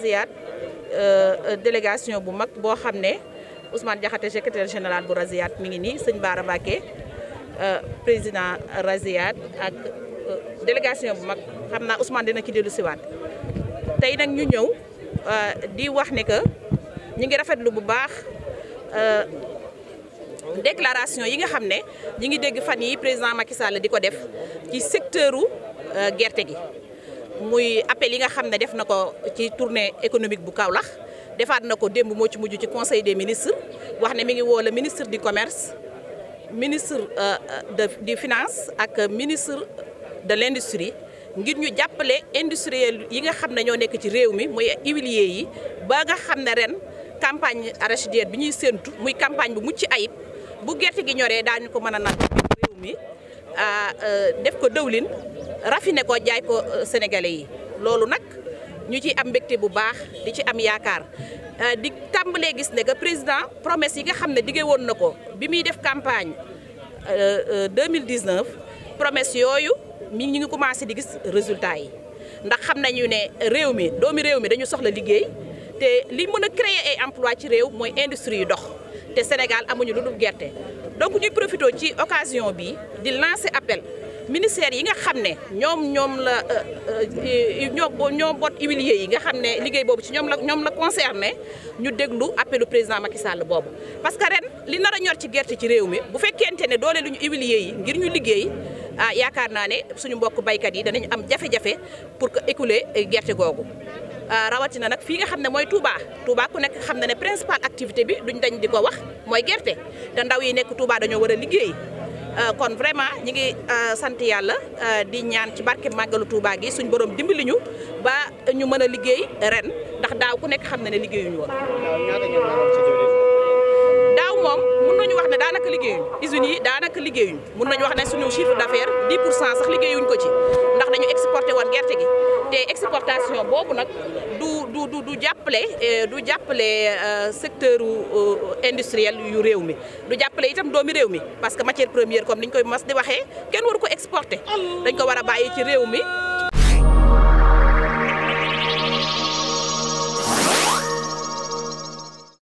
Rasiat euh, euh, délégation bu mag boo xam ne Ousmane Diakhaté secrétaire général bu Rasiat mu ngi nii sëñ Bara Mbacké euh, président Rasiat ak délégation bu mag xam naa Ousmane dina ci dellu siwaat tey nag ñu ñëw di wax ne que ñu ngi rafetlu bu baax déclaration yi nga xam ne ñu ngi dégg fan yi président Macky Sall di ko def ci secteuru gerte gi muy appel yi nga xam ne def na ko ci tournée économique bu Kaolack defaat na ko démb moo ci mujj ci conseil des ministres wax ne mi ngi woola le ministre du commerce ministre euh, de du finance ak ministre de l' ngir ñu jàppale industriel yi nga xam ne ñoo nekk ci réew mi muy huilier yi ba nga xam ne ren campagne arachidière bi ñuy séentu muy campagne bu mucc ayib bu gerte gi ñoree daal ñu ko mën a natt réew mi euh, euh, def ko dëwlin raffiné ko jaay ko euh, sénégalais yi loolu nag ñu ci am mbégte bu baax di ci am yaakaar euh, di tàmbalee gis ne que président promesse yi nga xam ne diggé woon na ko bi muy def campagne 2019 euh, promesse yooyu mi ñu ngi commencé di gis résultat yi ndax xam nañu ne réew mi doomi réew mi dañu soxla liggéey te li mën a créer ay emploi ci réew mooy industrie yu dox te Sénégal amuñu lu dul gerte donc ñuy profité ci occasion bi di lancé appel ministère yi nga xam ne ñoom ñoom la euh, euh, ñoo ñoo bot yi nga xam ne liggéey boobu ci ñoom la ñoom la concerné ñu déglu appelu président Macky Sall boobu. parce que ren li nar a ñor ci gerte ci réew mi bu fekkente ne doole lu ñu huiliers yi ngir ñu liggéey ah yaakaar naa ne suñu mbokk baykat yi danañ am jafe-jafe pour que écouler gerte googu. Ah, rawatina nag fii nga xam ne mooy Touba Touba ku nekk xam na ne principale activité bi duñ dañ di ko wax mooy gerte te ndaw yi nekk Touba dañoo war a liggéey. Euh, kon vraiment ñi ngi euh, sant yàlla euh, di ñaan ci barke màggalu Touba gi suñ borom dimbali ñu ba ñu mën a liggéey ren ndax daaw ku nekk xam na ne liggéeyuñu woon usines yi daanaka liggéeyuñ mun nañu wax ne suñu chiffre d'affaires 10 pour cent sax liggéeyuñ ko ci ndax dañu exporté woon gerte gi te exportation boobu nag du du du du jàppale euh, du jàppale euh, secteur euh, industriel yu réew mi du jàppale itam doomi réew mi parce que matière première comme ni ñu koy mas di waxee kenn waru ko exporté dañ ko war a bàyyi ci réew mi